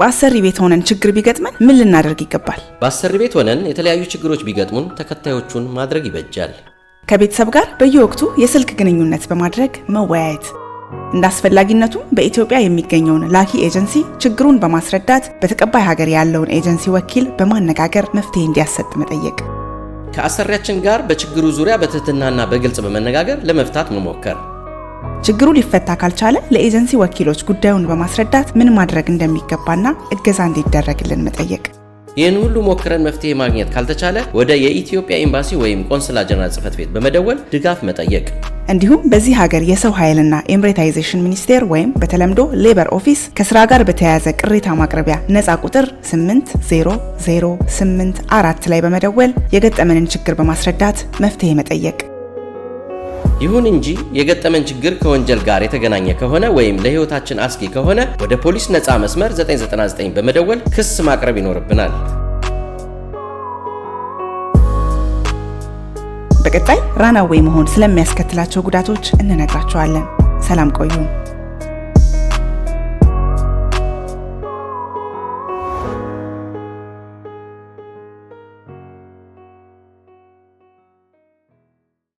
በአሰሪ ቤት ሆነን ችግር ቢገጥመን ምን ልናደርግ ይገባል? በአሰሪ ቤት ሆነን የተለያዩ ችግሮች ቢገጥሙን ተከታዮቹን ማድረግ ይበጃል። ከቤተሰብ ጋር በየወቅቱ የስልክ ግንኙነት በማድረግ መወያየት፣ እንደ አስፈላጊነቱ በኢትዮጵያ የሚገኘውን ላኪ ኤጀንሲ ችግሩን በማስረዳት በተቀባይ ሀገር ያለውን ኤጀንሲ ወኪል በማነጋገር መፍትሄ እንዲያሰጥ መጠየቅ፣ ከአሰሪያችን ጋር በችግሩ ዙሪያ በትህትናና በግልጽ በመነጋገር ለመፍታት መሞከር ችግሩ ሊፈታ ካልቻለ ለኤጀንሲ ወኪሎች ጉዳዩን በማስረዳት ምን ማድረግ እንደሚገባና እገዛ እንዲደረግልን መጠየቅ። ይህን ሁሉ ሞክረን መፍትሄ ማግኘት ካልተቻለ ወደ የኢትዮጵያ ኤምባሲ ወይም ቆንስላ ጀነራል ጽህፈት ቤት በመደወል ድጋፍ መጠየቅ። እንዲሁም በዚህ ሀገር የሰው ኃይልና ኤምሬታይዜሽን ሚኒስቴር ወይም በተለምዶ ሌበር ኦፊስ ከስራ ጋር በተያያዘ ቅሬታ ማቅረቢያ ነፃ ቁጥር 80084 ላይ በመደወል የገጠመንን ችግር በማስረዳት መፍትሄ መጠየቅ ይሁን እንጂ የገጠመን ችግር ከወንጀል ጋር የተገናኘ ከሆነ ወይም ለሕይወታችን አስጊ ከሆነ ወደ ፖሊስ ነፃ መስመር 999 በመደወል ክስ ማቅረብ ይኖርብናል። በቀጣይ ራናዌይ መሆን ስለሚያስከትላቸው ጉዳቶች እንነግራቸዋለን። ሰላም ቆዩ።